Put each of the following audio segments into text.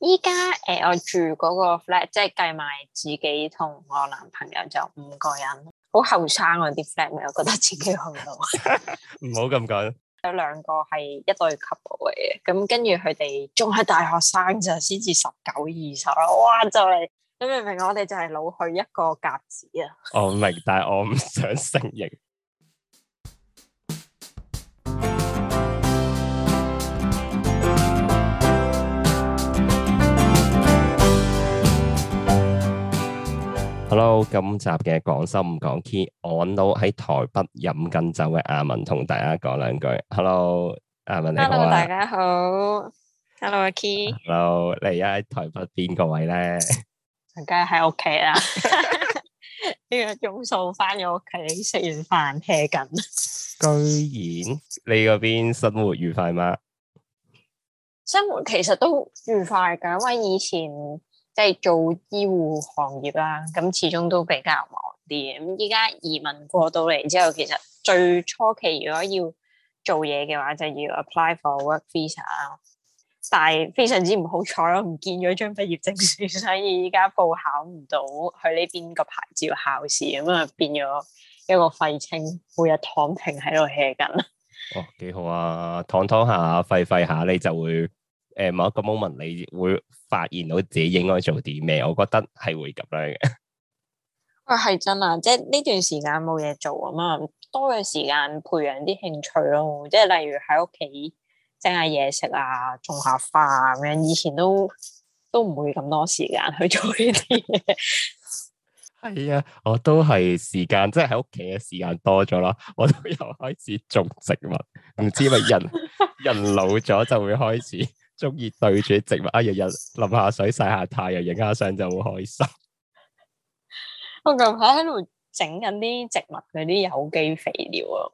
依家誒，我住嗰個 flat，即係計埋自己同我男朋友就五個人，好後生啊啲 flat，我覺得自己好老，唔好咁講，有兩個係一對 couple 嚟嘅，咁跟住佢哋仲係大學生就先至十九二十啦，19, 20，哇就係你明唔明？我哋就係老去一個甲子啊 ！我明，但係我唔想承認。hello，今集嘅講心唔講 key，我揾到喺台北飲緊酒嘅阿文同大家講兩句。hello，阿文你好啊。hello，大家好。hello，阿 key。hello，你而家喺台北邊個位咧？梗係喺屋企啦，呢個鐘數返咗屋企，食完飯 hea 緊。吃 居然你嗰邊生活愉快嗎？生活其實都愉快噶，因為以前。即係做醫護行業啦，咁始終都比較忙啲。咁依家移民過到嚟之後，其實最初期如果要做嘢嘅話，就要 apply for work visa。但係非常之唔好彩，我唔見咗張畢業證書，所以依家報考唔到去呢邊個牌照考試，咁啊變咗一個廢青，每日躺平喺度 hea 緊。哦，幾好啊，躺躺下，廢廢下，你就會。誒，某一個 moment 你會發現到自己應該做啲咩，我覺得係會咁樣嘅。啊，係真啊！即係呢段時間冇嘢做啊嘛，多嘅時間培養啲興趣咯。即係例如喺屋企整下嘢食啊，種下花咁樣。以前都都唔會咁多時間去做呢啲嘢。係啊，我都係時間，即係喺屋企嘅時間多咗啦。我都又開始種植物，唔知咪人 人老咗就會開始。中意對住植物啊，一日日淋下水，曬下太陽，影下相就好開心。我近排喺度整緊啲植物嗰啲有機肥料啊。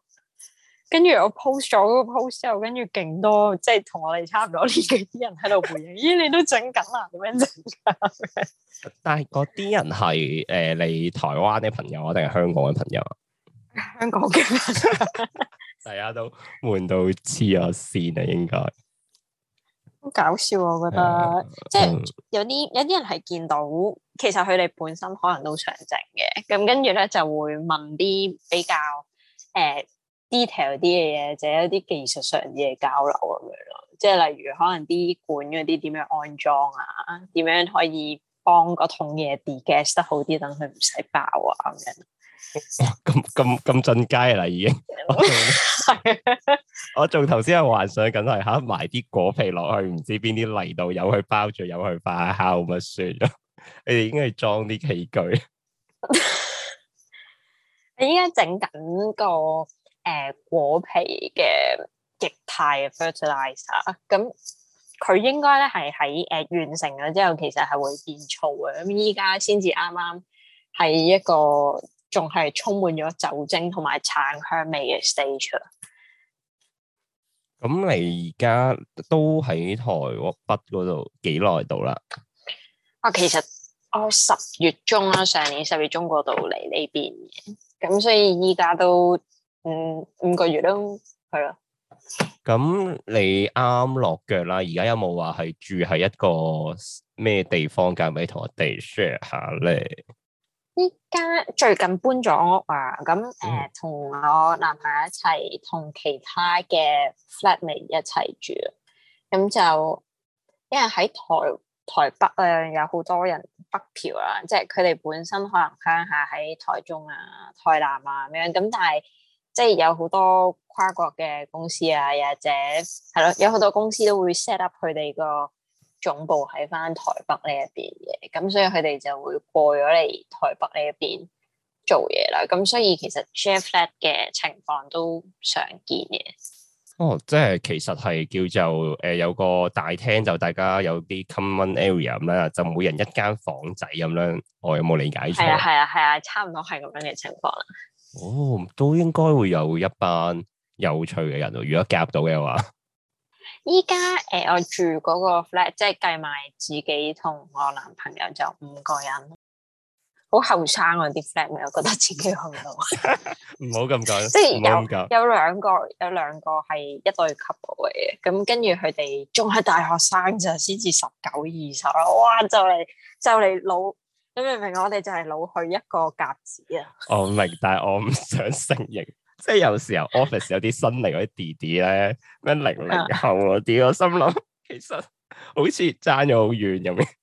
跟住我 post 咗個 post 之後，就是，跟住勁多即係同我哋差唔多年紀啲人喺度回應：咦、 呃，你都整緊啊？點樣整？但係嗰啲人係誒你台灣嘅朋友啊，定係香港嘅朋友啊？香港嘅， 大家都悶到黐咗線啊，應該。好搞笑啊！我覺得即係有啲有啲人係見到，其實佢哋本身可能都想整嘅，咁跟住咧就會問啲比較誒 detail 啲嘅嘢，或者一啲技術上嘅交流咁樣咯。即係例如可能啲管嗰啲點樣安裝啊，點樣可以幫嗰桶嘢 degas 得好啲，等佢唔使爆啊咁樣。咁咁咁進階啦， 已經。我仲頭先係幻想，梗係吓埋啲果皮落去，唔知邊啲泥度有去包住，有去化酵啊算咯。你哋應該裝啲器具。你依家整緊個誒果皮嘅極態 fertilizer，咁佢應該咧係喺誒完成咗之後，其實係會變醋嘅。咁依家先至啱啱係一個。仲係充滿咗酒精同埋橙香味嘅 stage、嗯。咁你而家都喺台北嗰度幾耐度啦？啊，其實我十，哦，十月中啦，啊，上年十月中嗰度嚟呢邊嘅，咁所以而家都五五個月啦，係咯，啊。咁，嗯、你啱啱落腳啦，而家有冇話係住喺一個咩地方噶？咪同我哋 share 下咧。依家最近搬咗屋啊，咁誒同我男朋友一齊同其他嘅 flatmate 一齊住，咁就因為喺台台北啊，呃，有好多人北漂啊，即係佢哋本身可能鄉下喺台中啊、台南啊咁樣，咁但係即係有好多跨國嘅公司啊，又或者係咯，有好多公司都會 set up 佢哋個。總部喺翻台北呢一邊嘅，咁所以佢哋就會過咗嚟台北呢一邊做嘢啦。咁所以其實 shared flat 嘅情況都常見嘅。哦，即係其實係叫做誒、呃、有個大廳就大家有啲 common area 咁啦，就每人一間房仔咁樣。我、哦、有冇理解錯？係啊係啊係啊，差唔多係咁樣嘅情況啦。哦，都應該會有一班有趣嘅人如果夾到嘅話。依家誒，我住嗰個 flat，即係計埋自己同我男朋友就五個人，好後生啊！啲 flat 咪又覺得自己好老，唔好咁講， 即係是有有兩個有兩個係一對 couple 嚟嘅，咁跟住佢哋仲係大學生就先至十九二十，19, 20, 哇！就嚟就嚟老，你明唔明？我哋就係老去一個格子啊！我、 哦、明，但係我唔想承認。即係有時候 office 有啲新嚟嗰啲弟弟咧，咩零零後嗰啲，我心諗，其實好似差咗好遠咁。面。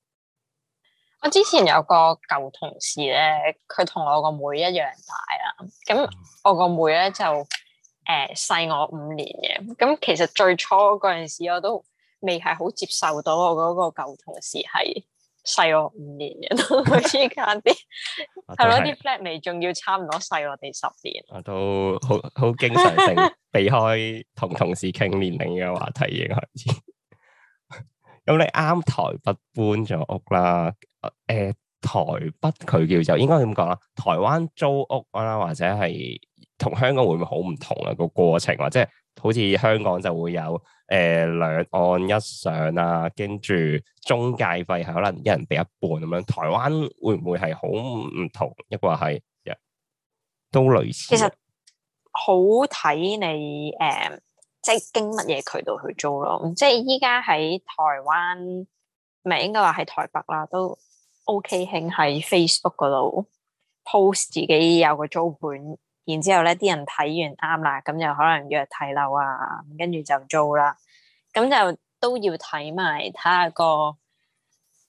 我之前有個舊同事咧，佢同我個妹，妹一樣大啦。咁我個妹咧就誒細、呃、我五年嘅。咁其實最初嗰陣時，我都未係好接受到我嗰個舊同事係。細 我五年是，都好似差啲，係咯啲 flat 未，仲要差唔多細我哋十年。我都好好經常性 避開同同事傾年齡嘅話題嘅經開始。咁 你啱台北搬咗屋啦，誒、呃、台北佢叫就應該咁講啦？台灣租屋啦，或者係同香港會唔會好唔同啊？個過程或者好似香港就會有。誒、呃、兩按一上啊，跟住中介費係可能一人俾一半咁樣，台灣會唔會係好唔同？抑或係都類似？其實好睇你誒、嗯，即係經乜嘢渠道去租咯。即係依家喺台灣，唔係應該話喺台北啦，都 OK 興喺 Facebook 嗰度 post 自己有個租本。然之後咧，啲人睇完啱啦，咁就可能約睇樓啊，跟住就租啦。咁就都要睇埋，睇下個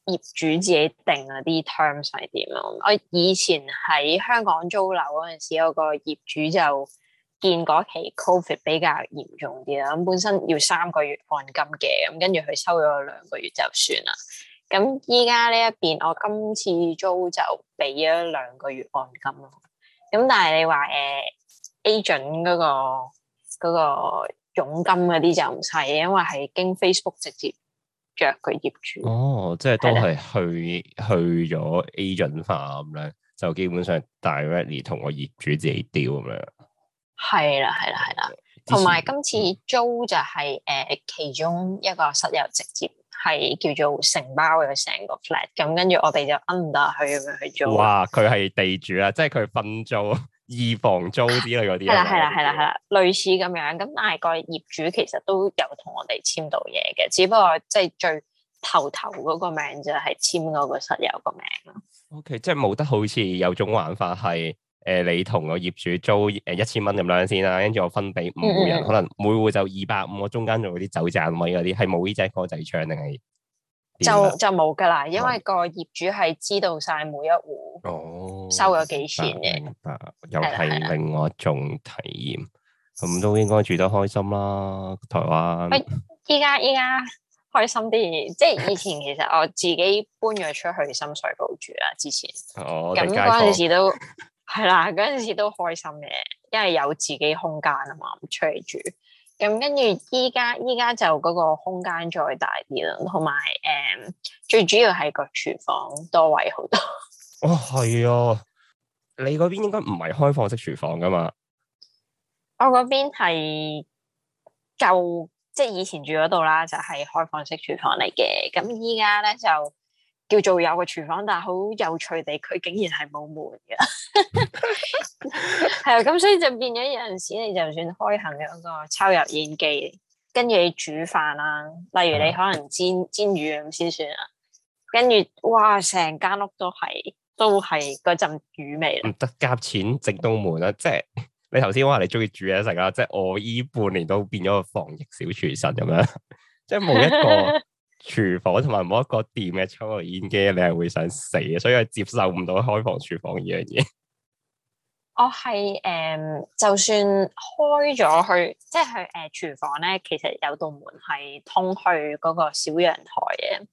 業主自己定嗰啲 terms 係點咯。我以前喺香港租樓嗰陣時，有個業主就見嗰期 COVID 比較嚴重啲啦，咁本身要三個月按金嘅，咁跟住佢收咗兩個月就算啦。咁依家呢一邊，我今次租就俾咗兩個月按金咯。咁、嗯、但係你話誒、呃、，agent 嗰、那個嗰、那個佣金嗰啲就唔使，因為係經 Facebook 直接着佢業主。哦，即係都係去的去咗 agent 化咁咧，就基本上 directly 同個業主自己 deal 咁樣。係啦係啦係啦，同埋今次租就係、是、誒、呃、其中一個室友直接。係叫做承包咗成個 flat，咁跟住我哋就 under 佢咁樣去做。哇！佢係地主啊，即係佢分租二房租啲嗰啲。係啦， 係啦，係啦，係啦，類似咁樣。咁大概業主其實都有同我哋簽到嘢嘅，只不過即係最頭頭嗰個名就係簽嗰個室友個名咯。OK，即係冇得好似有種玩法係。誒、呃，你同個業主租誒一千蚊咁樣先啦，跟住我分俾五戶人，嗯嗯可能每戶就二百五，我中間仲有啲走站位嗰啲，係冇呢隻歌仔唱定係就就冇噶啦，因為個業主係知道晒每一戶收咗幾錢嘅。誒、哦，又係另外一種體驗，咁都應該住得開心啦。台灣，依家依家開心啲，即係以前其實我自己搬咗出去深水埗住啦，之前哦，咁嗰陣時都。係啦，嗰陣時都開心嘅，因為有自己空間啊嘛，唔出嚟住。咁跟住依家，依家就嗰個空間再大啲啦，同埋誒，最主要係個廚房多位好多。哦，係啊，你嗰邊應該唔係開放式廚房噶嘛？我嗰邊係舊，即係以前住嗰度啦，就係開放式廚房嚟嘅。咁依家咧就。叫做有個廚房，但係好有趣地，佢竟然係冇門嘅。係 啊， 咁所以就變咗有陣時，你就算開行一個抽油煙機，跟住你煮飯啦。例如你可能煎、啊、煎魚咁先算啦。跟住，哇，成間屋都係都係嗰陣魚味。唔得夾錢整到門啊！即、就、係、是、你頭先話你中意煮嘢食啊，即、就、係、是、我依半年都變咗個防疫小廚神咁樣，即係冇一個。 廚房同埋冇一個掂嘅抽油煙機，你係會想死嘅，所以接受唔到開放廚房呢樣嘢。我係誒、嗯，就算開咗去，即係誒，廚、呃、房咧，其實有道門係通去嗰個小陽台嘅。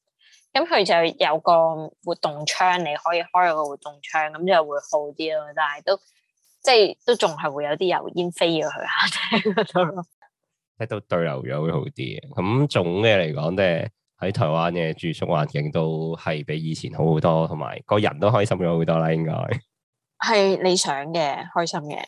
咁佢就有個活動窗，你可以開一個活動窗，咁就會好啲咯。但係都即係都仲係會有啲油煙飛咗去下，即嗰度咯，喺度對流咗會好啲嘅。咁總嘅嚟講咧。喺台灣嘅住宿環境都係比以前好好多，同埋個人都開心咗好多啦。應該係理想嘅，開心嘅。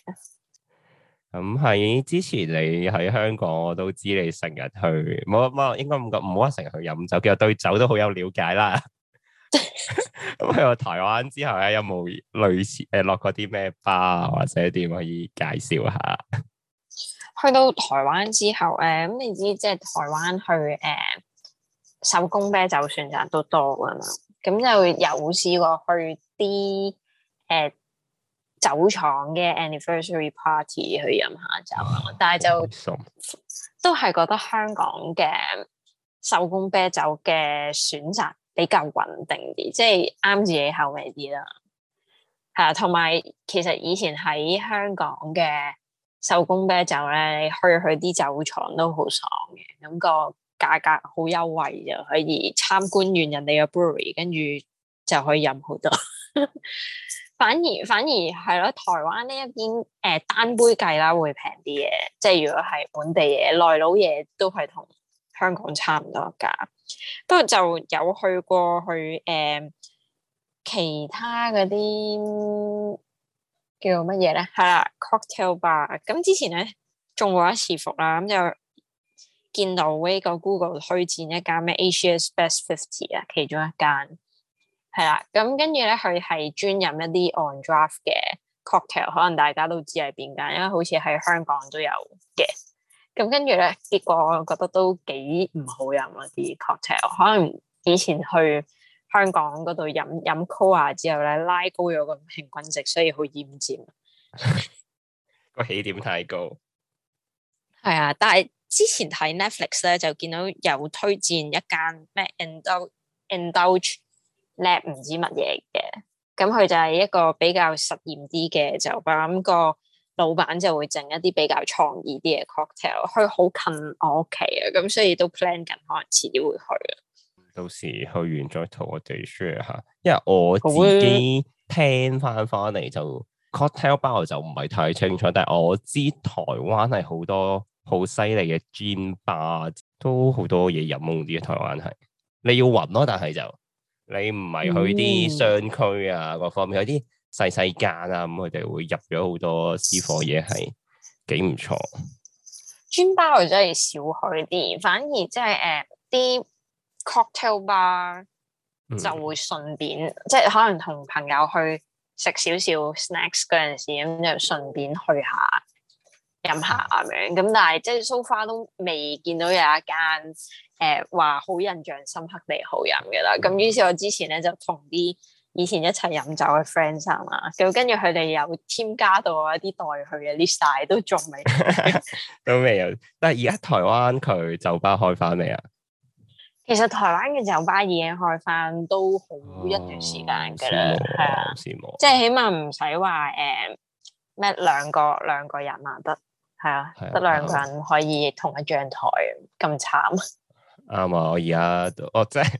咁喺、嗯、之前你喺香港，我都知你成日去冇冇，應該唔覺，唔好話成日去飲酒，其實對酒都好有了解啦。咁 去到台灣之後咧，有冇類似誒、呃、落過啲咩 bar 或者點可以介紹下？去到台灣之後誒，咁、呃、你知即係台灣去誒。呃手工啤酒選擇都多噶嘛，咁就有試過去啲誒、呃、酒廠嘅 anniversary party 去飲下酒，啊、但係就像都係覺得香港嘅手工啤酒嘅選擇比較穩定啲，即係啱自己口味啲啦。係啊，同埋其實以前喺香港嘅手工啤酒咧，你去去啲酒廠都好爽嘅感覺。嗰個價格好優惠就可以參觀完人哋嘅 brewery，跟住就可以飲好多 反。反而反而係咯，台灣呢一邊誒、呃、單杯計啦會平啲嘅，即係如果係本地嘢、內佬嘢都係同香港差唔多價。不過就有去過去誒、呃、其他嗰啲叫乜嘢咧？係啦，cocktail bar。咁之前咧中過一次伏啦，咁就。見到呢個 Google 推薦一間咩 Asia's Best Fifty 啊，其中一間係啦，咁跟住咧佢係專飲一啲 on draft 嘅 cocktail，可能大家都知係邊間，因為好似喺香港都有嘅。咁跟住咧，結果我覺得都幾唔好飲嗰、啊、啲 cocktail，可能以前去香港嗰度飲飲 COA 之後咧，拉高咗個平均值，所以好奄尖。個 起點太高。係啊，但係。之前喺 Netflix 咧就見到有推薦一間咩 ind Indulge Lab 唔知乜嘢嘅，咁佢就係一個比較實驗啲嘅，就咁個老闆就會整一啲比較創意啲嘅 cocktail。佢好近我屋企啊，咁所以都 plan 緊，可能遲啲會去啊。到時去完再同我哋 share 下，因為我自己聽翻翻嚟就的 cocktail 包就唔係太清楚， 但係我知台灣係好多。好犀利嘅 gym bar 都好多嘢飲啲，台灣係你要揾咯，但係就你唔係去啲商區啊，各、嗯、方面有啲細細間啊，咁佢哋會入咗好多私貨嘢，係幾唔錯。Gym bar 我真係少去啲，反而即、就、係、是、誒啲、呃、cocktail bar 就會順便，嗯、即係可能同朋友去食少少 snacks 嗰陣時，咁就順便去下。飲下咁、啊、樣，咁但係即係 so far 都未見到有一間誒話好印象深刻地好飲嘅啦。咁、嗯、於是，我之前咧就同啲以前一齊飲酒嘅 friends 啊，咁跟住佢哋又添加到一啲待去嘅 list，都仲未， 都未有。但係而家台灣佢酒吧開翻未啊？其實台灣嘅酒吧已經開翻都好一段時間嘅啦，係、哦、啊，羨慕即係起碼唔使話誒咩兩個兩個人啊得。係啊，得兩個人可以同一張台，咁、啊、慘。啱 啊！我而家我即、就、係、是、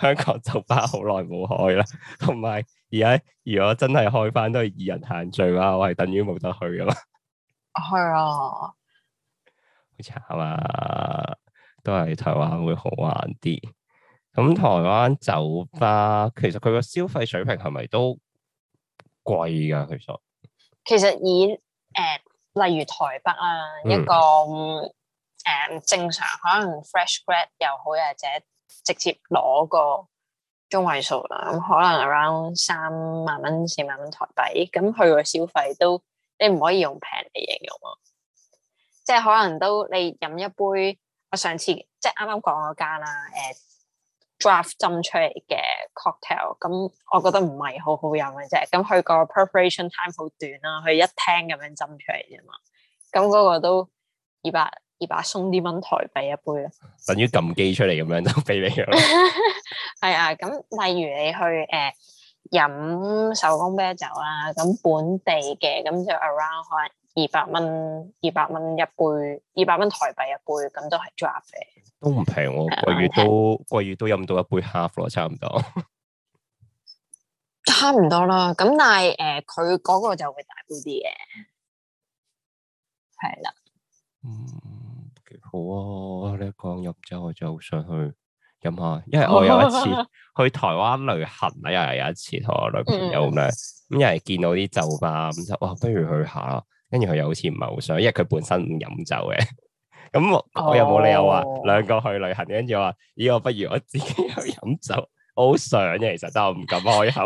香港酒吧好耐冇開啦，同埋而家如果真係開翻都係二人限聚啊，我係等於冇得去噶嘛。係啊，好慘啊！都係台灣會好玩啲。咁台灣酒吧其實佢個消費水平係咪都貴㗎？佢所其實演。誒、呃。例如台北啊，嗯、一個誒、呃、正常可能 fresh grad 又好，或者直接攞個中位數啦，咁、嗯、可能 around 三萬蚊、四萬蚊台幣，咁佢個消費都你唔可以用平嚟形容咯，即係可能都你飲一杯，我上次即係啱啱講嗰間啦，誒、呃。draft 斟出嚟嘅 cocktail，咁我覺得唔係好好飲嘅啫。咁佢個 preparation time 好短啦，佢一聽咁樣斟出嚟啫嘛。咁嗰個都二百二百鬆啲蚊台幣一杯咯，等於撳機出嚟咁樣都俾你啦。係 啊，咁例如你去誒、呃、飲手工啤酒啦、啊，咁本地嘅咁就 around 可能二百蚊，二百蚊一杯，二百蚊台幣一杯，咁都係 draft 嘅。都唔平喎，季、啊、月都季、啊、月都飲到一杯 half 咯，差唔多，差唔多。差唔多啦，咁但係誒，佢嗰個就會大杯啲嘅，係啦、啊。嗯，幾好啊，你一講飲酒，我就好想去飲下，因為我有一次去台灣 旅行啊，又係有一次同我女朋友咁樣，咁又係見到啲酒吧，咁就哇，不如去下，跟住佢又好似唔係好想，因為佢本身唔飲酒嘅。 咁我，我有冇理由話兩、oh. 個去旅行，跟住話依個不如我自己去飲酒，我好想嘅其實，但我唔敢開口。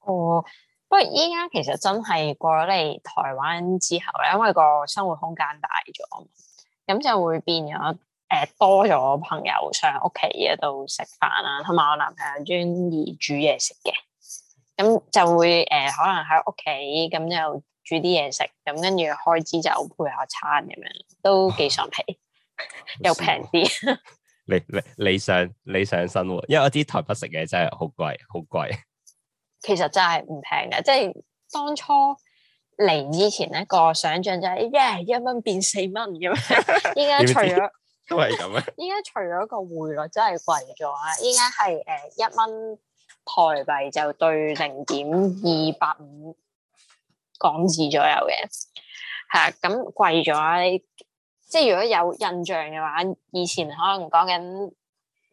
哦，oh, 不過依家其實真係過咗嚟台灣之後咧，因為個生活空間大咗啊，咁就會變咗誒、呃、多咗朋友上屋企喺度食飯啦，同埋我男朋友專意煮嘢食嘅，咁就會誒、呃、可能喺屋企咁就。煮啲嘢食，咁跟住開支就配下餐咁樣，都幾順皮，哇 又平啲、啊。 你你理想理想生活，因為我啲台北食嘢真係好貴，好貴。其實真係唔平嘅，即係當初嚟之前呢個想像就係耶一蚊變四蚊咁樣，依家除咗都係咁啊！依家 除咗個匯率真係貴咗，依家係誒一蚊台幣就對零點二八五。港紙左右嘅，係咁貴咗。你即係如果有印象嘅話，以前可能講緊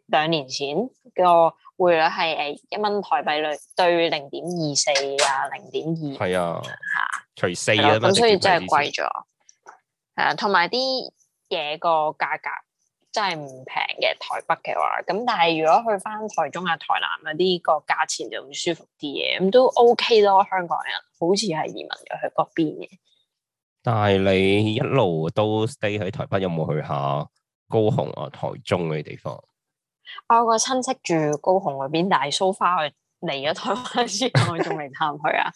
兩年前個匯率係誒一蚊台幣率對零點二四啊，零點二係啊，吓的除四啊，咁的所以真係貴咗。係啊，同埋啲嘢個價格。真係唔平嘅，台北嘅話，咁但係如果去翻台中啊、台南啊、呢個價錢就會舒服啲嘅，咁都 OK 咯。香港人好似係移民咗去嗰邊嘅。但係你一路都 stay 喺台北，有冇去下高雄啊、台中嘅地方？我有個親戚住高雄嗰邊，但係 so far 去嚟咗台灣之 我仲未探佢啊。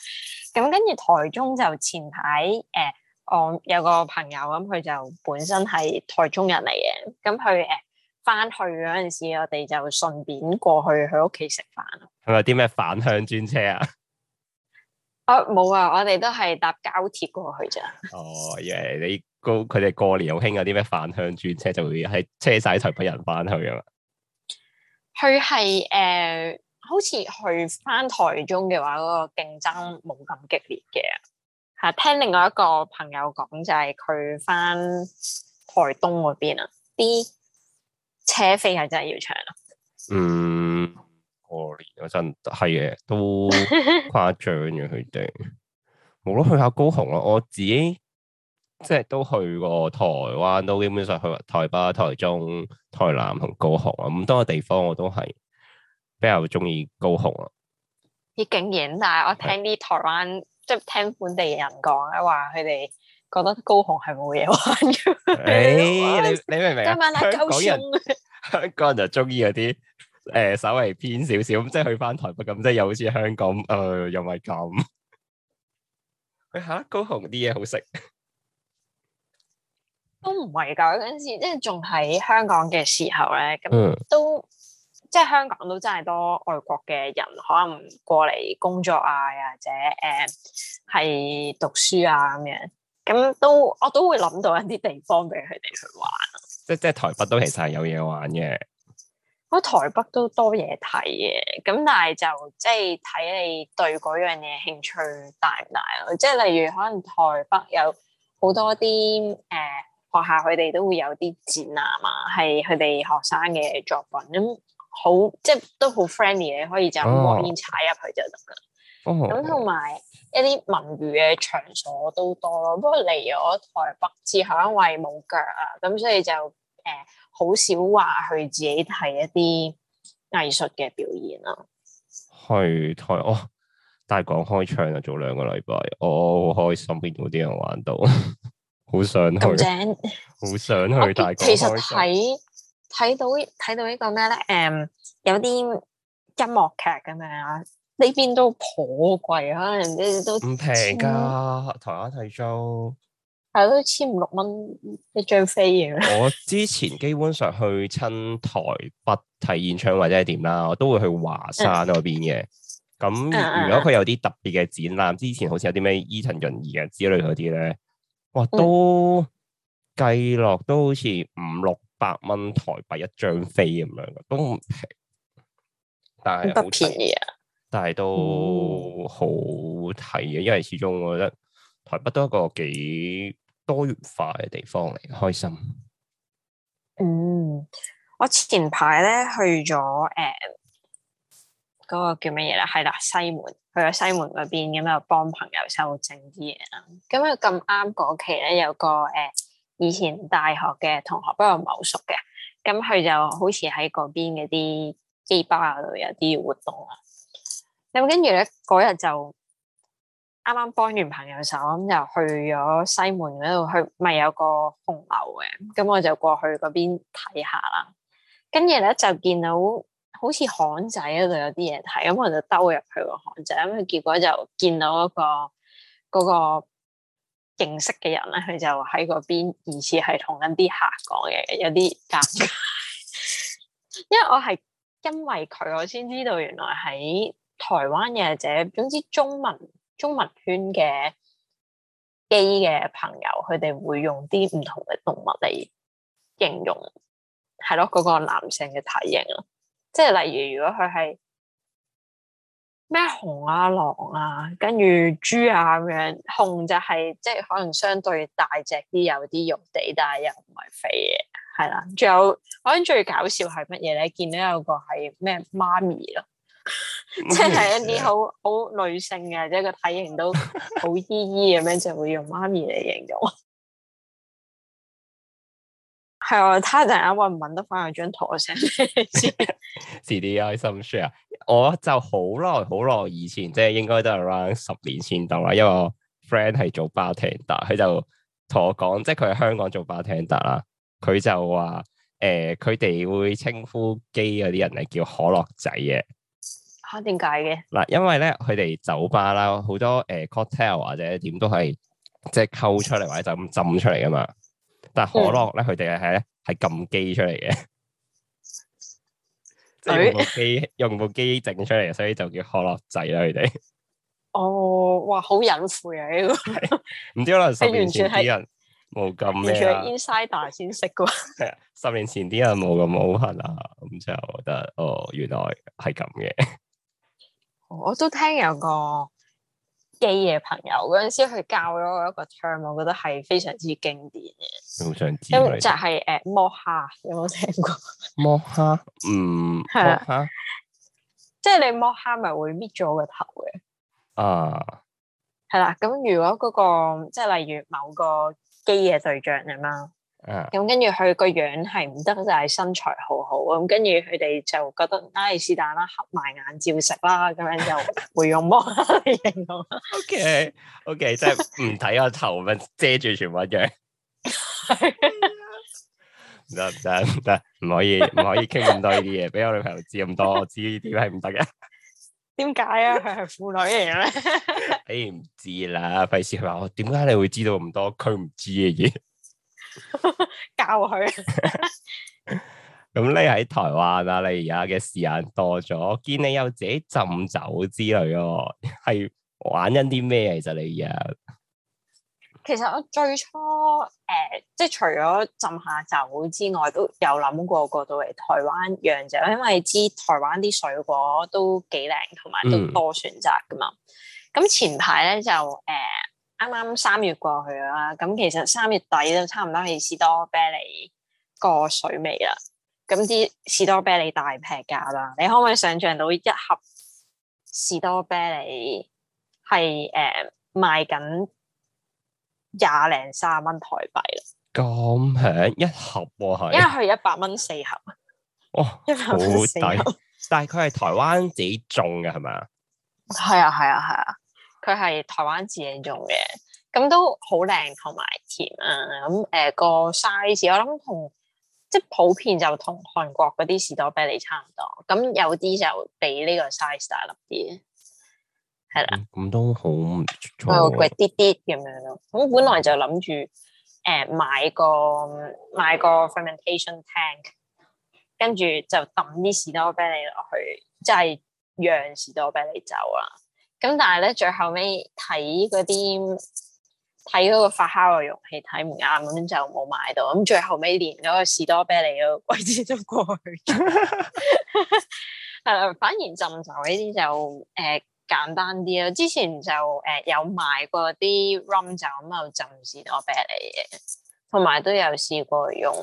咁跟住台中就前排誒。呃我有個朋友咁，佢就本身係台中人嚟嘅。咁佢誒翻去嗰陣時，我哋就順便過去佢屋企食飯。係咪啲咩返鄉專車啊？啊冇啊，我哋都係搭交鐵過去啫。哦、oh, yeah，耶，你估佢哋過年好興有啲咩返鄉專車，就會係車晒台北人翻去啊嘛。佢係誒，好似去翻台中嘅話，嗰、那個競爭冇咁激烈嘅。吓、啊，聽另外一個朋友講就係佢翻台東嗰邊啊，啲車費係真係要長啊。嗯，過年嗰陣係嘅，都誇張嘅佢哋。無論，去下高雄啊！我自己即係都去過台灣，都基本上去台北、台中、台南同高雄啊。咁多個地方我都係比較中意高雄啊。啲竟然但係我聽啲台灣。即係聽本地人講咧，話佢哋覺得高雄係冇嘢玩嘅。你你明唔明啊？香港人，香港人就中意嗰啲誒，稍微偏少少咁，即係去翻台北咁，即係又好似香港誒，又咪咁。嚇，高雄啲嘢好食？都唔係㗎，嗰陣時即係仲喺香港嘅時候咧，咁都。即係香港都真係多外國嘅人，可能過嚟工作啊，或者誒係、呃、讀書啊咁樣，咁都我都會諗到一啲地方俾佢哋去玩。即即係台北都其實係有嘢玩嘅，我台北都多嘢睇嘅。咁但係就即係睇你對嗰樣嘢興趣大唔大咯。即係例如可能台北有好多啲誒、呃、學校，佢哋都會有啲展覽啊嘛，係佢哋學生嘅作品咁。嗯好即係都好 friendly，可以就往見踩入去就得啦。咁同埋一啲文娛嘅場所都多咯。不過嚟咗台北只係因為冇腳啊,咁所以就誒好、呃、少話去自己睇一啲藝術嘅表演啦。去台哦，大港開唱啊！早兩個禮拜，我、哦、好開心，邊度啲人玩到，好 想去，好想去大港。其實係。睇到睇到個呢個咩咧？誒、um, 有啲音樂劇咁樣啊，呢邊都頗貴，可能都唔平㗎。台灣睇 show 係都千五六蚊一張飛嘅。我之前基本上去親台北睇演唱會或者係點啦，我都會去華山嗰邊嘅。咁、嗯、如果佢有啲特別嘅展覽，嗯嗯、之前好似有啲咩伊藤潤二啊之類嗰啲咧，哇都計落、嗯、都好似五六百蚊台幣一張飛咁樣嘅，都唔平，但係好平，便宜啊，但係都好睇嘅。嗯、因為始終我覺得台北都係一個幾多元化嘅地方嚟，開心。嗯，我前排咧去咗誒，嗰，嗯那個叫乜嘢啦？係啦，西門去咗西門嗰邊，咁就幫朋友收證啲嘢啦。咁啊咁啱嗰期咧有個誒。嗯以前大學嘅同學不，不過唔係好熟嘅，咁佢就好似喺嗰邊嗰啲基吧嗰度有啲活動啊，咁跟住咧嗰日就啱啱幫完朋友手咁，就去咗西門嗰度，佢咪有個紅樓嘅，咁我就過去嗰邊睇下啦。跟住咧就見到好似巷仔嗰度有啲嘢睇，咁我就兜入去個巷仔，咁佢結果就見到一個嗰個。那個認識嘅人咧，佢就喺嗰邊，疑似係同緊啲客講嘢，有啲尷尬。 因為我係因為佢，我先知道原來喺台灣或者，總之中文中文圈嘅基嘅朋友，佢哋會用啲唔同嘅動物嚟形容，係咯嗰個男性嘅體型咯，即係例如如果佢係。咩熊啊狼啊，跟住豬啊咁樣，熊就係、是、即係可能相對大隻啲，有啲肉地，但係又唔係肥嘅，係啦。仲有我諗最搞笑係乜嘢咧？見到有個係咩媽咪咯，即係一啲好好女性嘅，即係個體型都好依依咁樣， 就會用媽咪嚟形容。係啊，他陣間揾唔揾得翻我張圖先，遲啲開心 share。我就好耐好耐以前，即係應該都係 round 十年前度啦。因為我 friend 係做 bartender，佢就同我講，即係佢喺香港做 bartender 啦。佢就話：誒、呃，佢哋會稱呼機嗰啲人係叫可樂仔嘅。嚇點解嘅？嗱，因為咧佢哋酒吧啦，好多誒、呃、cocktail 或者點都係即係溝出嚟或者就咁斟出嚟噶嘛。但可樂咧，佢哋係咧係撳機出嚟嘅， 即係用部機 用部機整出嚟，所以就叫可樂仔啦。佢哋哦，哇，好隱晦啊！呢個唔知可能十年前啲人冇咁咩啦，insider 先識噶。係啊，十年前啲人冇咁好痕 e n 啊，咁就我覺得哦，原來係咁嘅。 我都聽有個。機嘅朋友嗰陣時，佢教咗我一個 term，我覺得係非常之經典嘅。好想知。咁就係、是、誒、剝、uh, 蝦有冇聽過？剝蝦，嗯。係啊。即係你剝蝦咪會搣咗個頭嘅。啊。係啦，咁如果嗰、那個即係例如某個基嘅對象啊嘛。咁、啊、跟住佢個樣係唔得，就係、是、身材好好。咁跟住佢哋就覺得，唉、哎，是但啦，合埋眼照食啦，咁樣就會用摸嚟形容。O K，O K，即係唔睇個頭，咁 遮住全部樣。唔得唔得唔得，唔可以唔可以傾咁多呢啲嘢，俾我女朋友知咁多，我知呢啲係唔得嘅。點解啊？佢係婦女嚟嘅。哎、 欸，唔知啦，費事佢話我點解你會知道咁多佢唔知嘅嘢。 教佢。咁你喺台灣啊？你而家嘅時間多咗，見你有自己浸酒之類咯，係玩緊啲咩？其實你而其實我最初誒、呃，即係除咗浸下酒之外，都有諗過過到嚟台灣釀酒，因為知台灣啲水果都幾靚，同埋都多選擇噶嘛。咁、嗯、前排咧就誒。呃啱啱三月過去啦，咁其實三月底都差唔多係士多啤梨個水味啦。咁啲士多啤梨大劈價啦，你可唔可以想象到一盒士多啤梨係誒、呃、賣緊廿零卅蚊台幣咁平一盒喎，係因為佢一百蚊四盒，哦，一盒、啊，好抵、哦！但係佢係台灣自己種嘅係咪啊？係啊，係啊，係啊。佢係台灣自己種嘅，咁都好靚同埋甜啊！咁、嗯、誒、呃、個 size，我諗同即係普遍就同韓國嗰啲士多啤梨差唔多，咁有啲就比呢個 size 大粒啲，係啦。咁、嗯、都好貴啲啲咁樣咯。咁、嗯、本來就諗住誒買個買個 fermentation tank，跟住就揼啲士多啤梨落去，即係釀士多啤梨酒啊！咁但係咧，最後尾睇嗰啲，睇嗰個發酵嘅容器睇唔啱，咁就冇買到。咁最後尾連嗰個士多啤梨嘅位置都過去。係啦，反而浸酒呢啲就誒、呃、簡單啲啦。之前就誒、呃、有買過啲 rum 酒咁就浸士多啤梨嘅，同埋都有試過用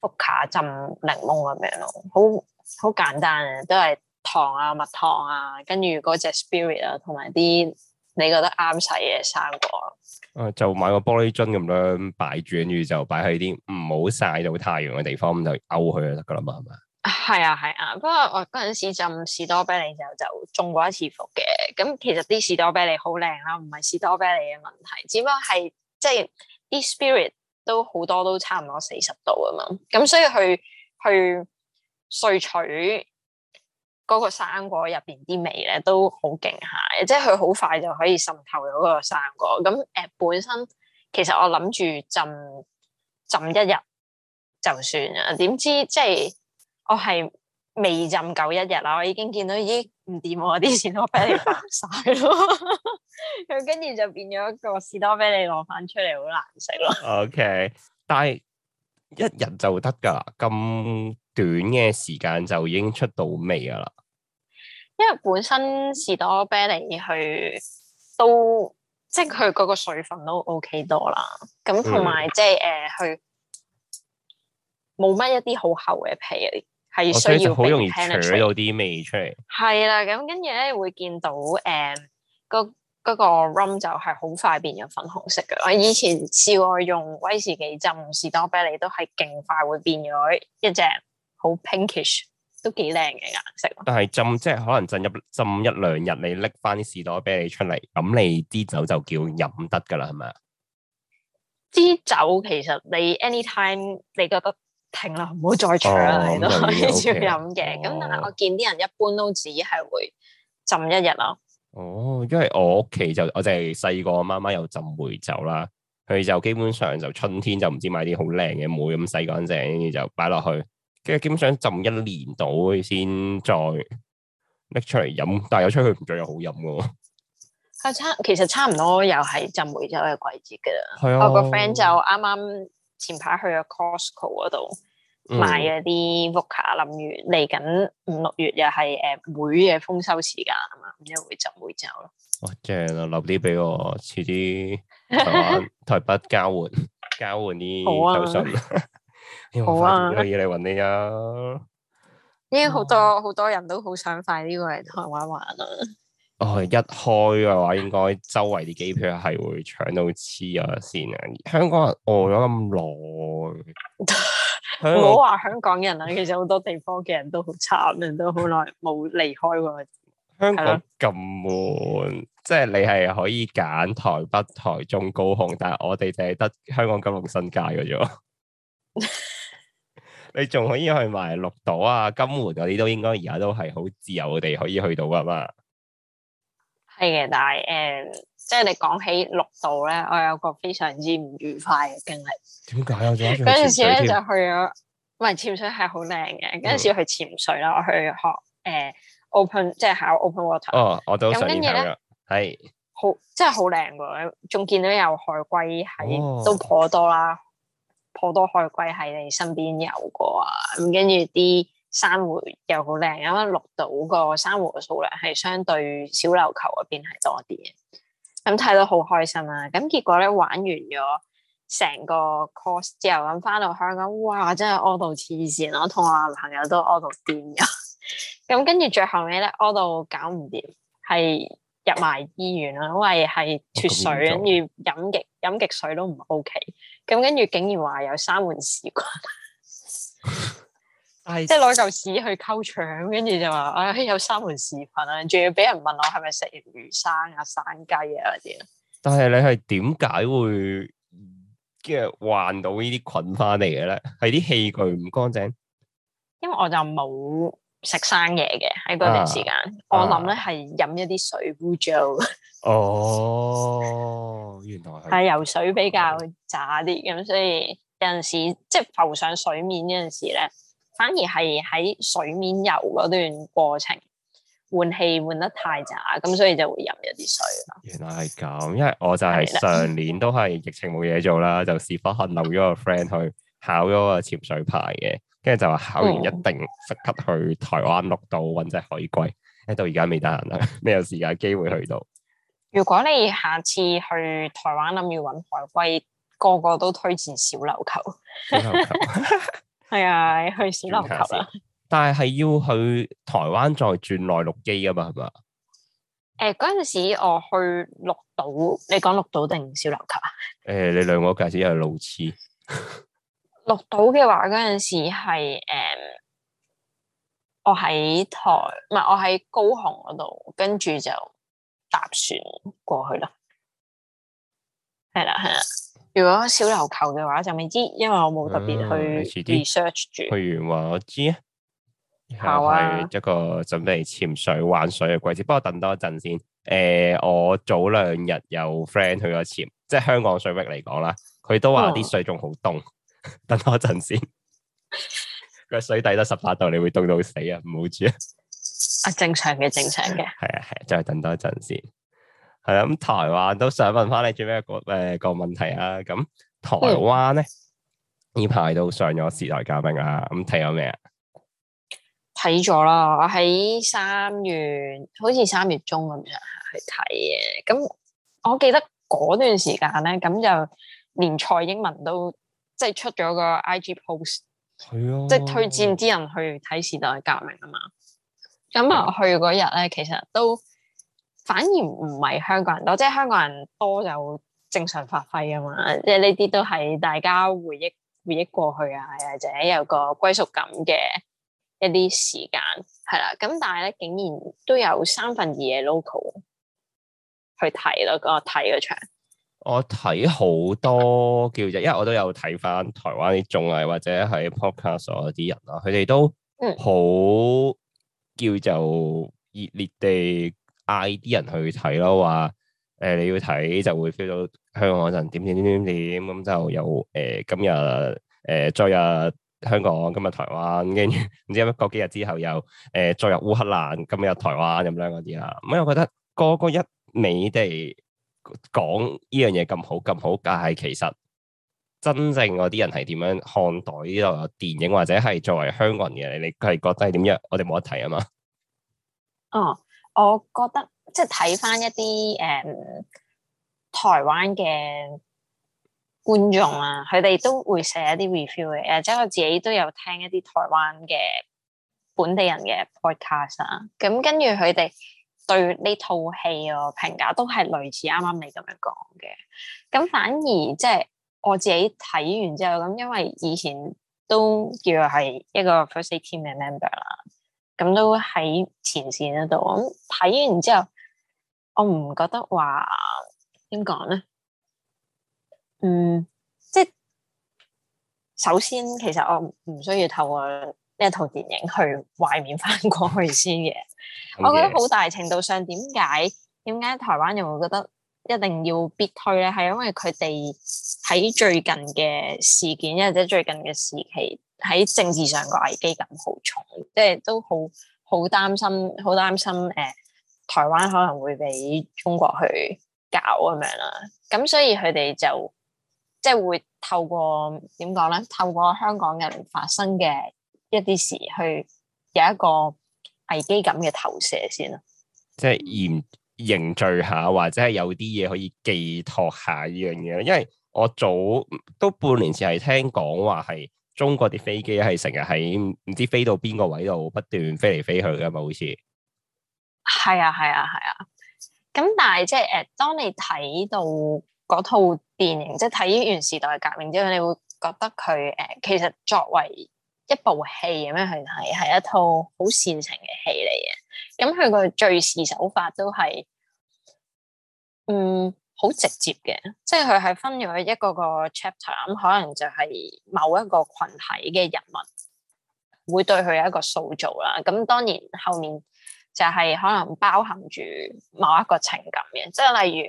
福卡浸檸檬咁樣咯，好好簡單嘅，都係。糖啊，蜜糖啊，跟住嗰隻 spirit 啊，同埋啲你覺得啱使嘅生果，誒、啊，就買個玻璃樽咁樣擺住，跟住就擺喺啲唔好晒到太陽嘅地方，咁就勾佢就得噶啦嘛，係嘛？係啊係啊，不過我嗰陣時浸士多啤梨就就中過一次伏嘅，咁其實啲士多啤梨好靚啦，唔係士多啤梨嘅問題，只不過係即係啲 spirit 都好多都差唔多四十度咁樣，咁所以去去萃取。嗰個生果入邊啲味咧都好勁下，即係佢好快就可以滲透到個生果。咁誒、呃、本身其實我諗住浸浸一日就算啦。點知即係我係未浸夠一日啦，我已經見到已經唔掂喎啲士多啤梨，我俾你白曬咯。佢跟住就變咗一個士多啤梨攞翻出嚟，好難食咯。OK，但係一日就得噶啦，咁。短嘅時間就已經出到味噶啦，因為本身士多啤梨佢都即係佢嗰個水分都 OK 多啦，咁同埋即係誒佢冇乜一啲好厚嘅皮，係需要好容易取到啲味出嚟。係啦，咁跟住咧會見到誒嗰、呃那個 rum 就係好快變咗粉紅色嘅。我以前試過用威士忌浸士多啤梨，都係勁快會變咗一隻。好 pinkish 都幾靚嘅顏色，但係浸即係可能浸一浸一兩日，你拎翻啲士多啤梨出嚟，噉，你啲酒就叫飲得噶啦，係咪啊？啲酒其實你 anytime 你覺得停啦，唔好再 try 咯，你可以少飲嘅。咁但係我見啲人一般都只係會浸一日咯。哦，因為我屋企就我哋細個，媽媽有浸梅酒啦，佢就基本上就春天就唔知買啲好靚嘅梅咁洗乾淨，就擺落去。跟住基本上浸一年到先再拎出嚟飲，但係有出去唔再有好飲嘅。係差，其實差唔多，又係浸梅酒嘅季節噶。啊、我個 friend 就啱啱前排去咗 Costco 嗰度買一啲 vodka，諗住嚟緊五六月又係誒梅嘅豐收時間啊嘛，咁就會浸梅酒咯。哇，正啊！留啲俾我，遲啲台灣 台北交換交換啲手信。 好啊！你依家好多好哇多人都好想快啲過嚟台灣玩啊！哦，一開嘅話，應該周圍啲機票係會搶到黐啊先啊！香港人餓咗咁耐，唔好話香港人啊。其實好多地方嘅人都好慘，人都好耐冇離開過。 香港咁悶， 即係你係可以揀台北、台中、高雄，但係我哋淨係得香港九龍新界嘅啫。 你仲可以去埋綠島啊、金門嗰啲都應該而家都係好自由地可以去到噶嘛？係嘅，但係誒、呃，即係你講起綠島咧，我有個非常之唔愉快嘅經歷。點解？嗰陣時咧就去咗，唔係潛水係好靚嘅。嗰陣時去潛水啦，我去學誒、呃、open，即係考 Open Water。哦，我都想跟嘅係好，真係好靚嘅，仲見到有海龜喺，哦、都頗多啦。好多海龜喺你身邊遊過啊，咁跟住啲珊瑚又好靚，咁綠島個珊瑚嘅數量係相對小琉球嗰邊係多啲嘅，咁睇到好開心啊！咁結果咧玩完咗成個 course 之後，咁翻到香港，哇！真係屙到黐線，我同我男朋友都屙到癲噶，咁跟住最後尾咧屙到搞唔掂，係入埋醫院啦，因為係脫水，跟住飲極。飲極水都唔 OK，咁跟住竟然話有沙門氏菌，即係攞嚿屎去溝腸，跟住就話唉有沙門氏菌啊，仲要俾人問我係咪食魚生啊、生雞啊嗰啲。但係你係點解會即係患到呢啲菌翻嚟嘅咧？係啲器具唔乾淨？因為我就冇。食生嘢嘅喺嗰段時間，啊、我諗咧係飲一啲水污糟。哦，原來係。係游水比較渣啲，咁、嗯、所以有陣時即係浮上水面嗰陣時咧，反而係喺水面游嗰段過程換氣換得太渣，咁所以就會飲一啲水。原來係咁，因為我就係上年都係疫情冇嘢做啦，是的 就是否刻留咗個 friend 去。 考咗個潛水牌嘅，跟住就話考完一定即刻去台灣綠島搵隻海龜，誒、嗯、到而家未得閒啊，未有時間機會去到。如果你下次去台灣諗要搵海龜，個個都推薦小琉球。小琉高球係 啊，去小琉球啦。但係係要去台灣再轉內陸機啊嘛，係咪誒，嗰陣、欸、時我去綠島，你講綠島定小琉球啊？誒、欸，你兩個介紹係路痴。 落到嘅話，嗰陣時係誒、嗯，我喺台唔係我喺高雄嗰度，跟住就搭船過去咯。係啦，係啦，如果小琉球嘅話就未知，因為我冇特別去 research 住。去完、啊、話我知的好啊，係一個準備潛水玩水嘅季節，不過等多一陣先。誒、呃，我早兩日有 friend 去咗潛，即係香港水域嚟講啦，佢都話啲水仲好凍。嗯等多一陣先，個水底得十八度，你會凍到死啊！唔好住啊！啊，正常嘅，正常嘅，係啊，係，再等多一陣先。係啦，咁台灣都想問翻你最屘個誒個問題啊。咁台灣咧，呢排、嗯、都上咗時代嘉賓啊。咁睇咗咩啊？睇咗啦，我喺三月，好似三月中咁樣去睇嘅。咁我記得嗰段時間咧，咁就連蔡英文都。即係出咗個 I G post、啊、即係推薦啲人去睇時代革命啊嘛。咁我去嗰日咧，其實都反而唔係香港人多，即係香港人多就正常發揮啊嘛。即係呢啲都係大家回憶回憶過去啊，又或者有個歸屬感嘅一啲時間，係啦。咁但係咧，竟然都有三分二嘅 local 去睇咯，個睇嘅場。我睇好多叫做，因為我都有睇翻台灣啲綜藝或者喺 podcast 嗰啲人啦，佢哋都好叫就熱烈地嗌啲人去睇咯，話誒、呃、你要睇就會 feel 到香港人點點點點點咁就有誒、呃、今日誒、呃、再入香港，今日台灣，跟住唔知過幾日之後又誒、呃、再入烏克蘭，今日台灣咁樣嗰啲啦。咁我覺得個個一尾地。講呢樣嘢咁好咁好，但係其實真正嗰啲人係點樣看待呢度電影，或者係作為香港人嘅你，你係覺得係點樣？我哋冇得睇啊嘛。哦，我覺得即係睇翻一啲誒、嗯，台灣嘅觀眾啊，佢哋都會寫一啲 review 嘅，誒，即係我自己都有聽一啲台灣嘅本地人嘅 podcast 啊，咁跟住佢哋。對呢套戲哦評價都係類似啱啱你咁樣講嘅，咁反而即係、就是、我自己睇完之後，咁因為以前都叫做係一個 first team 嘅 member 啦，咁都喺前線嗰度，咁睇完之後，我唔覺得話點講咧？嗯，即、就、係、是、首先其實我唔唔需要透過。一套電影去懷緬翻過去先嘅，我覺得好大程度上點解點解台灣人會覺得一定要必推咧，係因為佢哋喺最近嘅事件，因或者最近嘅時期喺政治上嘅危機感好重，即係都好好擔心，好擔心誒、呃，台灣可能會俾中國去搞咁樣啦。咁所以佢哋就即係、就是、會透過點講咧？透過香港人發生嘅。一啲事去有一個危機感嘅投射先啦，即係凝凝聚下，或者係有啲嘢可以寄託下呢樣嘢。因為我早都半年前係聽講話係中國啲飛機係成日喺唔知飛到邊個位度不斷飛嚟飛去噶嘛，好似係啊係啊係啊。咁、啊啊、但係即係誒，當你睇到嗰套電影，即係睇完《時代革命》之後，你會覺得佢誒、呃，其實作為。一部戲咁樣去睇，係一套好煽情嘅戲嚟嘅。咁佢個敘事手法都係，嗯，好直接嘅。即係佢係分咗一個個 chapter，咁可能就係某一個群體嘅人物，會對佢有一個塑造啦。咁當然後面就係可能包含住某一個情感嘅，即係例如誒，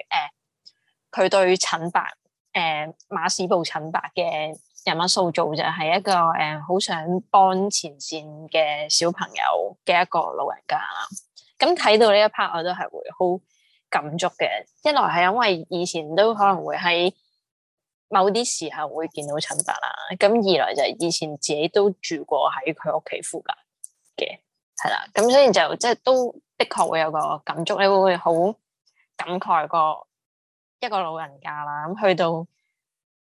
佢、呃、對陳伯，誒、呃、馬史布陳伯嘅。人物塑造就係一個誒，好、嗯、想幫前線嘅小朋友嘅一個老人家啦。咁睇到呢一 part 我都係會好感觸嘅，一來係因為以前都可能會喺某啲時候會見到陳伯啦，咁二來就係以前自己都住過喺佢屋企附近嘅，係啦。咁所以就即係、就是、都的確會有個感觸咧，會好感慨過一個老人家啦。咁去到。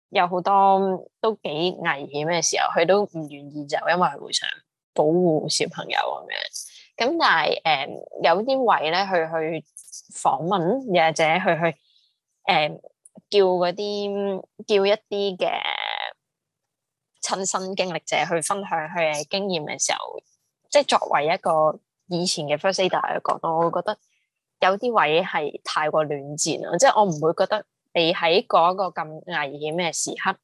有好多都幾危險嘅時候，佢都唔願意就，因為佢會想保護小朋友咁樣。咁但係誒、呃，有啲位咧，去去訪問，又或者去去誒、呃，叫嗰啲叫一啲嘅親身經歷者去分享佢嘅經驗嘅時候，即係作為一個以前嘅 first aider 嚟講，我覺得有啲位係太過亂戰啦，即係我唔會覺得。你喺嗰個咁危險嘅時刻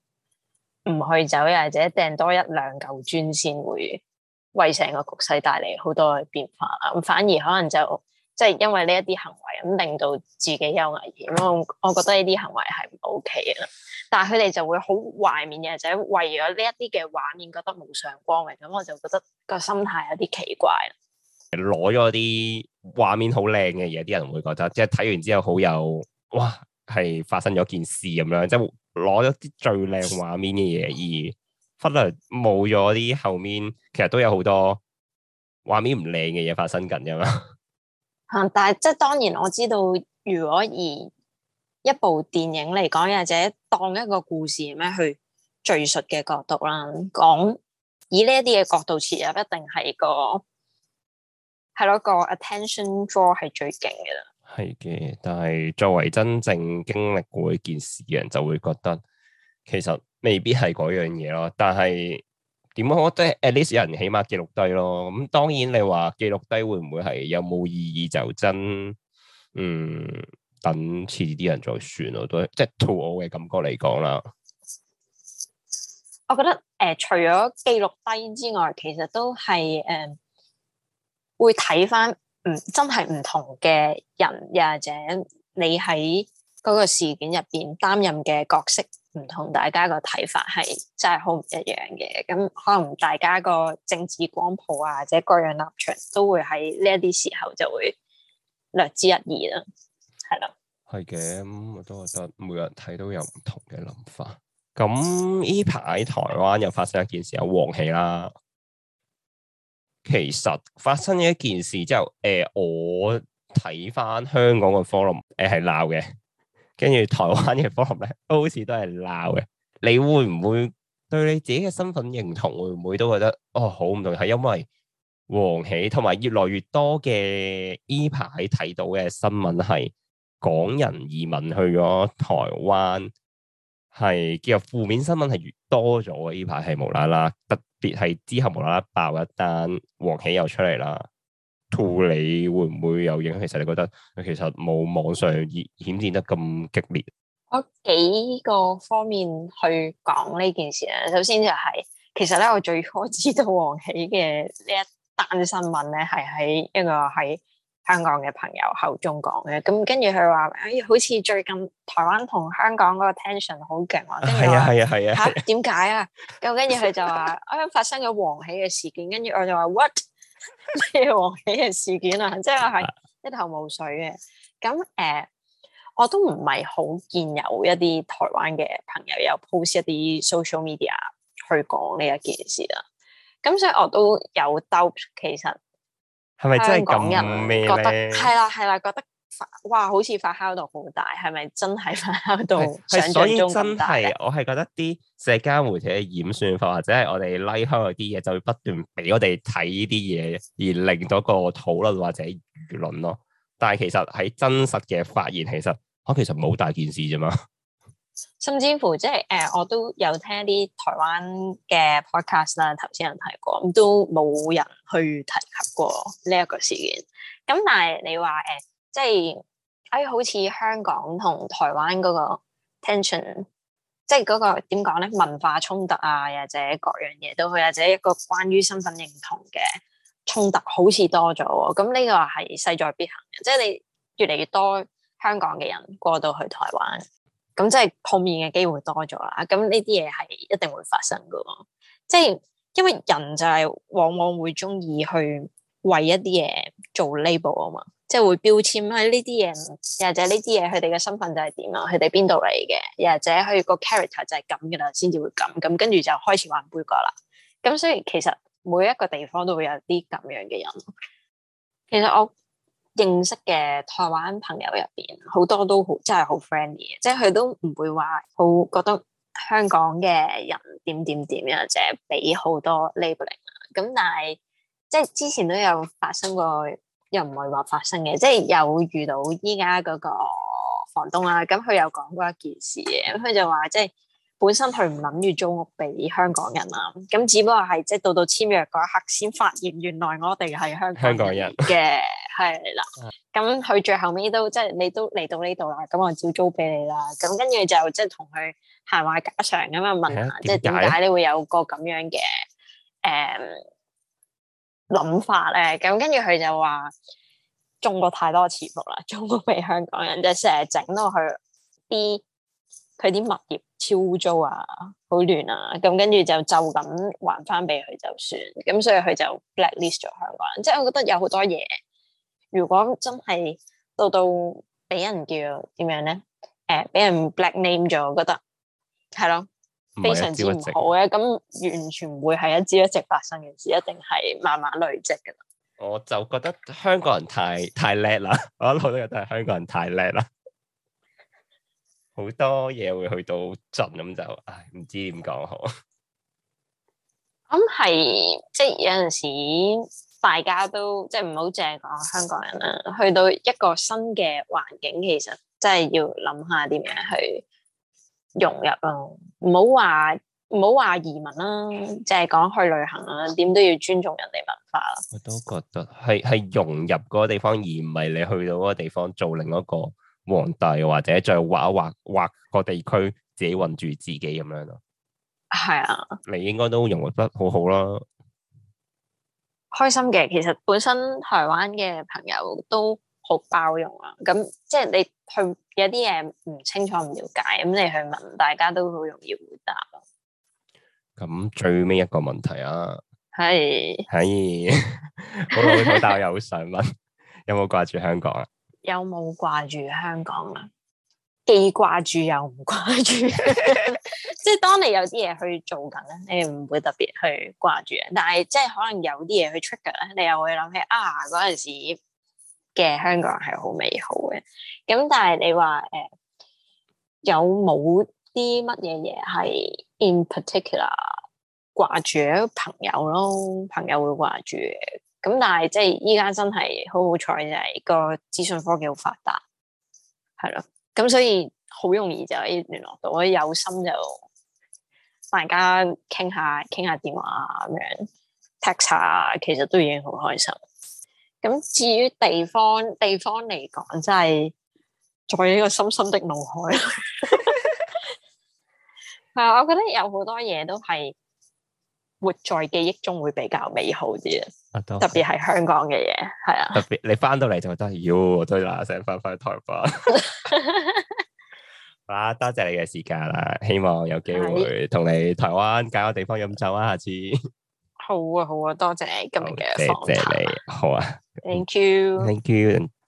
唔去走，又或者掟多一兩嚿磚，先會為成個局勢帶嚟好多嘅變化啦。咁反而可能就即係、就係、因為呢一啲行為，咁令到自己有危險。我我覺得呢啲行為係唔 OK 嘅。但係佢哋就會好懷緬嘅，或者為咗呢一啲嘅畫面，覺得無上光榮。咁我就覺得個心態有啲奇怪。攞咗啲畫面好靚嘅嘢，啲人會覺得即係睇完之後好有哇～係發生咗件事咁樣，即係攞咗啲最靚畫面嘅嘢，而忽略冇咗啲後面，其實都有好多畫面唔靚嘅嘢發生緊噶嘛。吓、嗯，但係即係當然我知道，如果以一部電影嚟講，或者當一個故事咁樣去敘述嘅角度啦，講以呢一啲嘅角度切入，一定係個係咯個 attention draw 係最勁嘅啦。係嘅，但係作為真正經歷過件事嘅人，就會覺得其實未必係嗰樣嘢咯。但係點講，即係 at least 人起碼記錄低咯。咁、嗯、當然你話記錄低會唔會係有冇意義，就真嗯等次啲人再算咯。都即係 to 我嘅感覺嚟講啦。我覺得誒、呃，除咗記錄低之外，其實都係誒、呃、會睇翻。唔真係唔同嘅人，又或者你喺嗰個事件入邊擔任嘅角色唔同，大家個睇法係真係好唔一樣嘅。咁可能大家個政治光譜啊，或者各樣立場，都會喺呢一啲時候就會略知一二啦。係啦，係嘅，咁我都覺得每人睇都有唔同嘅諗法。咁呢排喺台灣又發生一件事，有王喜啦。其實發生咗一件事之後，誒、呃，我睇翻香港嘅 forum 誒係鬧嘅，跟住台灣嘅 forum 咧，都好似都係鬧嘅。你會唔會對你自己嘅身份認同會唔會都覺得哦，好唔同？係因為王喜同埋越來越多嘅呢排睇到嘅新聞係港人移民去咗台灣，係叫做負面新聞係越多咗。呢排係無啦啦得。別係之後無啦啦爆一單王喜又出嚟啦，兔你會唔會有影響？其實你覺得，其實冇網上熱顯現得咁激烈。我幾個方面去講呢件事啊，首先就係、是、其實咧我最初知道王喜嘅呢一單新聞咧係喺一個喺香港嘅朋友口中講嘅，咁跟住佢話，哎，好似最近台灣同香港嗰個 tension 好勁啊，係啊係啊係啊，吓點解啊？咁跟住佢就話，哎，發生咗王喜嘅事件，跟住我就話 what 咩王喜嘅事件啊？ 即係我係一頭霧水嘅。咁誒、呃，我都唔係好見有一啲台灣嘅朋友有 post 一啲 social media 去講呢一件事啊。咁所以我都有 doubt 其實。係咪真係咁樣咩？係啦係啦，覺得哇，好似發酵度好大，係咪真係發酵度 是想象中咁大？所以真係，我係覺得啲社交媒體嘅演算法，或者係我哋拉開啲嘢，就會不斷俾我哋睇呢啲嘢，而令到個討論或者輿論咯。但係其實喺真實嘅發現，其實我、啊、其實冇大件事啫嘛。甚至乎即係誒，我都有聽啲台灣嘅 podcast 啦，頭先有人提過，咁都冇人去提及過呢一個事件。咁但係你話誒、呃，即係誒、哎，好似香港同台灣嗰個 tension，即係、那、嗰個點講咧，文化衝突啊，或者各樣嘢都，去，或者一個關於身份認同嘅衝突好，好似多咗。咁呢個係勢在必行，即係你越嚟越多香港嘅人過到去台灣。咁即係碰面嘅機會多咗啦，咁呢啲嘢係一定會發生㗎喎。即係因為人就係往往會鍾意去為一啲嘢做 label 啊嘛，即係會標籤喺呢啲嘢又或者呢啲嘢佢哋嘅身份就係點啊？佢哋邊度嚟嘅？又或者佢個 character 就係咁㗎啦，先至會咁咁，跟住就開始玩杯葛啦。咁所以其實每一個地方都會有啲咁樣嘅人。其實我認識嘅台灣朋友入邊，好多都好真係好 friendly 嘅，即係佢都唔會話好覺得香港嘅人點點點啊，即係俾好多 labeling 啊。咁但係即係之前都有發生過，又唔係話發生嘅，即係有遇到依家嗰個房東啊。咁佢有講過一件事嘅，咁佢就話即係。本身佢唔諗住租屋俾香港人啊，咁只不過係即係到到簽約嗰一刻先發現，原來我哋係香港人嘅係啦。咁佢港 最後尾都即係、就是、你都嚟到呢度啦，咁我照租俾你啦。咁跟住就即係同佢閒話家常咁啊問下，即係點解你會有個咁樣嘅誒諗法咧？咁跟住佢就話中過太多次伏啦，租屋俾香港人就成日整到佢啲佢啲物業。超污糟啊，好亂啊，咁跟住就就咁還翻俾佢就算，咁所以佢就 blacklist 咗香港人，即係我覺得有好多嘢，如果真係到到俾人叫點樣咧？誒、呃、俾人 black name 咗，我覺得係咯，非常之唔好嘅，咁完全唔會係一朝一夕發生嘅事，一定係慢慢累積噶啦。我就覺得香港人太太叻啦， 我一路都覺得真係香港人太叻啦。好多嘢會去到盡咁就，唉，唔知點講好。咁係、嗯，即係有陣時，大家都即係唔好淨係講香港人啦。去到一個新嘅環境，其實真係要諗下點樣去融入咯。唔好話唔好話移民啦，淨係講去旅行呀，點都要尊重人哋文化。我都覺得係係融入嗰個地方，而唔係你去到嗰個地方做另一個。皇帝或者再劃一劃劃個地區，自己混住自己咁樣咯。係啊，你應該都融合得好好咯。開心嘅，其實本身台灣嘅朋友都好包容啊。咁即係你去有啲嘢唔清楚、唔了解，咁你去問，大家都好容易回答咯、啊。咁最尾一個問題啊，係係好老土，但係我又好想問， 有冇掛住香港啊？有冇掛住香港啊？既掛住又唔掛住，即係當你有啲嘢去做緊咧，你唔會特別去掛住。但係即係可能有啲嘢去 trigger 咧，你又會諗起啊嗰陣時嘅香港係好美好嘅。咁但係你話誒、呃，有冇啲乜嘢嘢係 in particular 掛住朋友咯？朋友會掛住。咁但係即係依家真係好好彩，就係個資訊科技好發達，係咯。咁所以好容易就可以聯絡到，有心就大家傾下傾下電話咁樣 text 下，其實都已經好開心。咁至於地方，地方嚟講，真係在呢個深深的腦海。係 我覺得有好多嘢都係。活在記憶中會比較美好啲啊！特別係香港嘅嘢係啊！特別你翻到嚟就覺得意，推都成日翻翻去台北。好 啦、 啊，多謝你嘅時間啦、啊！希望有機會同你台灣揀個地方飲酒啊！下次好啊好啊，多謝今日嘅、啊、多謝你，好啊，thank you，thank you。